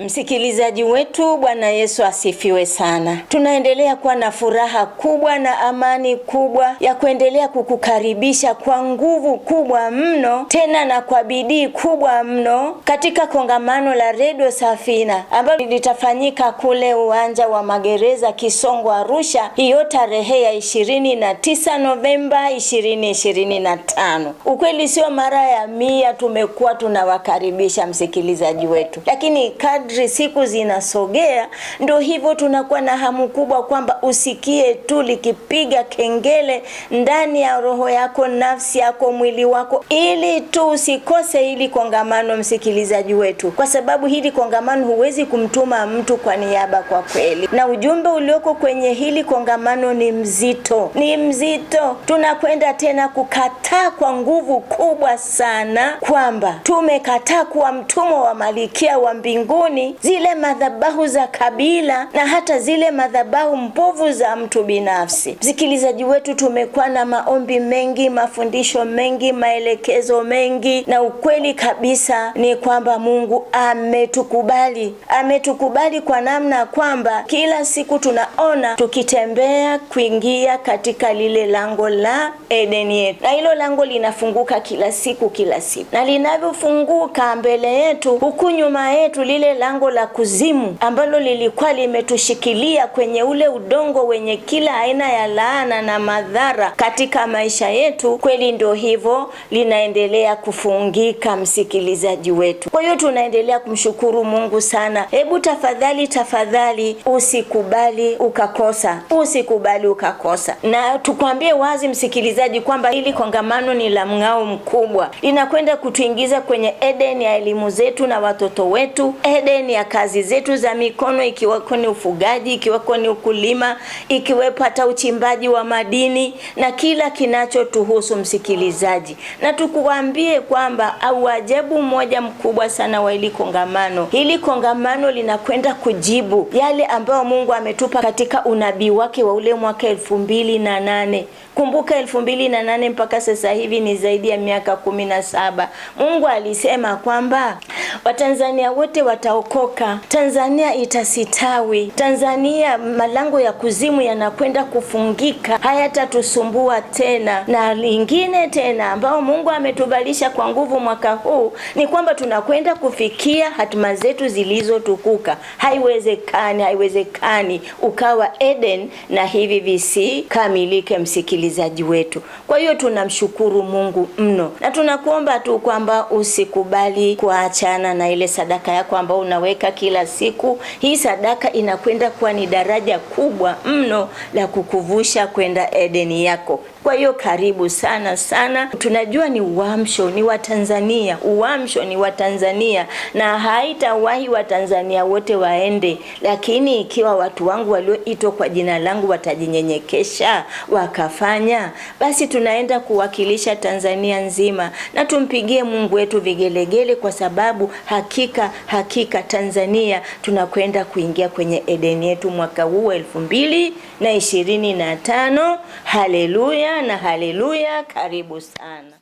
Msikilizaji wetu, Bwana Yesu asifiwe sana. Tunaendelea kuwa na furaha kubwa na amani kubwa ya kuendelea kukukaribisha kwa nguvu kubwa mno tena na kwa bidii kubwa mno katika kongamano la Redio Safina ambalo litafanyika kule uwanja wa magereza Kisongo, Arusha hiyo tarehe ya 29 Novemba 2025. Ukweli sio mara ya mia tumekuwa tunawakaribisha msikilizaji wetu, lakini kad kadri siku zinasogea, ndo hivyo tunakuwa na hamu kubwa kwamba usikie tu likipiga kengele ndani ya roho yako, nafsi yako, mwili wako, ili tu usikose hili kongamano, msikilizaji wetu, kwa sababu hili kongamano huwezi kumtuma mtu kwa niaba, kwa kweli, na ujumbe ulioko kwenye hili kongamano ni mzito, ni mzito. Tunakwenda tena kukataa kwa nguvu kubwa sana kwamba tumekataa kuwa mtumwa wa malikia wa mbinguni dini, zile madhabahu za kabila na hata zile madhabahu mbovu za mtu binafsi. Msikilizaji wetu, tumekuwa na maombi mengi, mafundisho mengi, maelekezo mengi, na ukweli kabisa ni kwamba Mungu ametukubali, ametukubali kwa namna ya kwamba kila siku tunaona tukitembea kuingia katika lile lango la Edeni yetu, na hilo lango linafunguka kila siku, kila siku, na linavyofunguka mbele yetu, huku nyuma yetu lile lango la kuzimu ambalo lilikuwa limetushikilia kwenye ule udongo wenye kila aina ya laana na madhara katika maisha yetu, kweli ndio hivyo, linaendelea kufungika, msikilizaji wetu. Kwa hiyo tunaendelea kumshukuru Mungu sana. Hebu tafadhali, tafadhali usikubali ukakosa, usikubali ukakosa. Na tukwambie wazi msikilizaji, kwamba hili kongamano ni la mng'ao mkubwa, linakwenda kutuingiza kwenye Eden ya elimu zetu na watoto wetu Eden burden ya kazi zetu za mikono, ikiwako ni ufugaji, ikiwako ni ukulima, ikiwepo hata uchimbaji wa madini na kila kinachotuhusu, msikilizaji, na tukuambie kwamba au ajabu mmoja mkubwa sana wa hili kongamano. Hili kongamano linakwenda kujibu yale ambayo Mungu ametupa katika unabii wake wa ule mwaka elfu mbili na nane. Kumbuka elfu mbili na nane mpaka sasa hivi ni zaidi ya miaka kumi na saba. Mungu alisema kwamba Watanzania wote wata itaokoka, Tanzania itasitawi, Tanzania malango ya kuzimu yanakwenda kufungika, hayatatusumbua tena. Na lingine tena ambao Mungu ametubalisha kwa nguvu mwaka huu ni kwamba tunakwenda kufikia hatima zetu zilizotukuka. Haiwezekani, haiwezekani ukawa Eden na hivi visikamilike, msikilizaji wetu. Kwa hiyo tunamshukuru Mungu mno na tunakuomba tu kwamba usikubali kuachana na ile sadaka yako ambayo unaweka kila siku. Hii sadaka inakwenda kuwa ni daraja kubwa mno la kukuvusha kwenda Edeni yako. Kwa hiyo karibu sana sana. Tunajua ni uamsho ni wa Tanzania, uamsho ni wa Tanzania na haitawahi Watanzania wote waende, lakini ikiwa watu wangu walioitwa kwa jina langu watajinyenyekesha wakafanya, basi tunaenda kuwakilisha Tanzania nzima, na tumpigie Mungu wetu vigelegele, kwa sababu hakika hakika Tanzania tunakwenda kuingia kwenye Edeni yetu mwaka huu elfu mbili na ishirini na tano. Haleluya! na haleluya. Karibu sana.